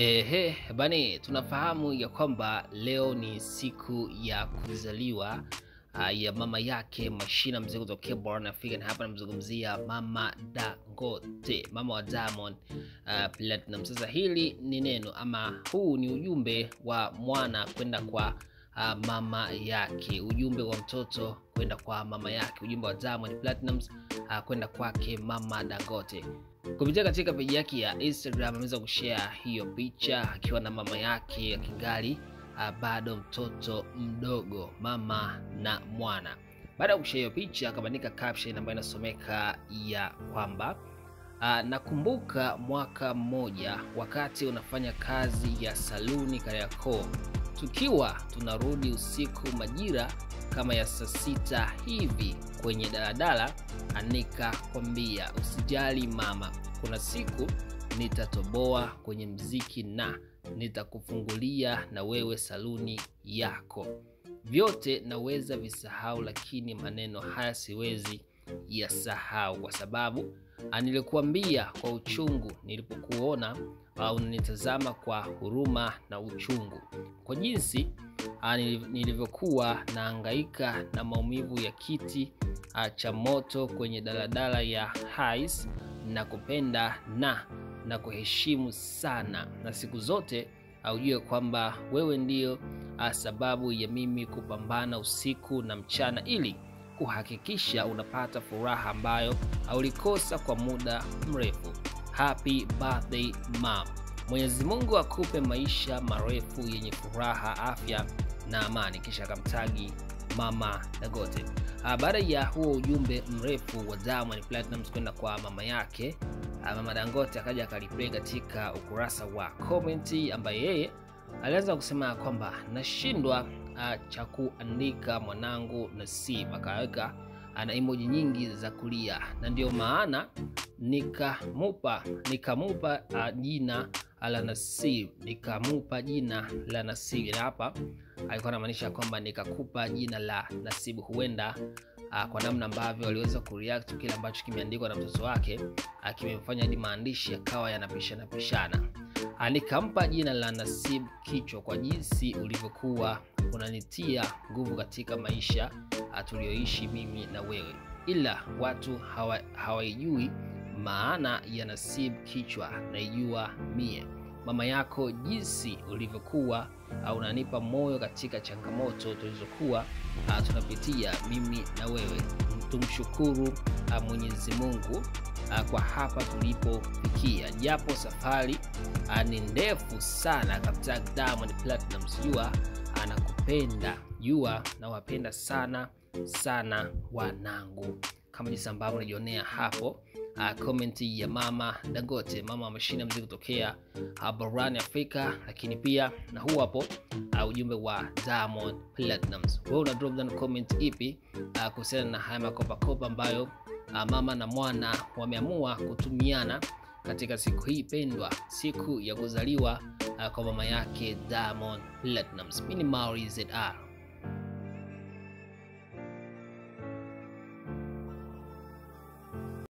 Ehe, bani, tunafahamu ya kwamba leo ni siku ya kuzaliwa ah, ya mama yake Machina, mzee kutokea barani Afrika, na hapa namzungumzia mama Dangote, mama wa Diamond uh, Platinum. Sasa hili ni neno ama huu ni ujumbe wa mwana kwenda kwa Ah, mama yake, ujumbe wa mtoto kwenda kwa mama yake, ujumbe wa Diamond Platnumz ah, kwenda kwake mama Dangote. Kupitia katika peji yake ya Instagram ameweza kushare hiyo picha akiwa na mama yake akingali ah, bado mtoto mdogo, mama na mwana. Baada ya kushare hiyo picha akabandika caption ambayo inasomeka ya kwamba nakumbuka mwaka mmoja wakati unafanya kazi ya saluni Kariakoo tukiwa tunarudi usiku majira kama ya saa sita hivi kwenye daladala, Anika kwambia usijali mama, kuna siku nitatoboa kwenye mziki na nitakufungulia na wewe saluni yako. Vyote naweza visahau, lakini maneno haya siwezi ya sahau kwa sababu ah, nilikuambia kwa uchungu nilipokuona au ah, nitazama kwa huruma na uchungu, kwa jinsi ah, nilivyokuwa naangaika na maumivu ya kiti cha moto kwenye daladala ya Hais, na kupenda na na kuheshimu sana, na siku zote aujue kwamba wewe ndio sababu ya mimi kupambana usiku na mchana ili kuhakikisha unapata furaha ambayo haulikosa kwa muda mrefu. Happy birthday mom! Mwenyezi Mungu akupe maisha marefu yenye furaha, afya na amani. Kisha akamtagi Mama Dangote. Baada ya huo ujumbe mrefu wa Diamond Platnumz kwenda kwa mama yake Mama Dangote, akaja akaliplay katika ukurasa wa komenti, ambaye yeye alianza kusema kwamba nashindwa cha kuandika mwanangu Nasib, akaweka ana emoji nyingi za kulia, na ndio maana nikamupa nikamupa jina la Nasib, nikamupa jina la Nasib, na hapa alikuwa anamaanisha kwamba nikakupa jina la Nasibu. Huenda uh, kwa namna ambavyo aliweza kureact kile ambacho kimeandikwa na mtoto wake uh, kimemfanya hadi maandishi yakawa yanapishana pishana. Nikampa jina la Nasib Kichwa kwa jinsi ulivyokuwa unanitia nguvu katika maisha ah, tuliyoishi mimi na wewe, ila watu hawa, hawaijui maana ya nasibu kichwa, naijua mie mama yako, jinsi ulivyokuwa ah, unanipa moyo katika changamoto tulizokuwa ah, tunapitia mimi na wewe. Tumshukuru Mwenyezi Mungu kwa hapa tulipofikia, japo safari ni ndefu sana. Kapta Diamond Platinum, sijua anakupenda. Jua nawapenda sana sana wanangu, kama jinsi ambavyo unajionea hapo komenti ah, ya mama Dangote, mama wa mashine mzi kutokea kutokea ah, barani Afrika, lakini pia na huu hapo uh, ujumbe wa Diamond Platnumz. Wewe una drop down comment ipi kuhusiana na haya makopakopa ambayo uh, mama na mwana wameamua kutumiana katika siku hii pendwa, siku ya kuzaliwa uh, kwa mama yake Diamond Platnumz. Mimi ni ZR.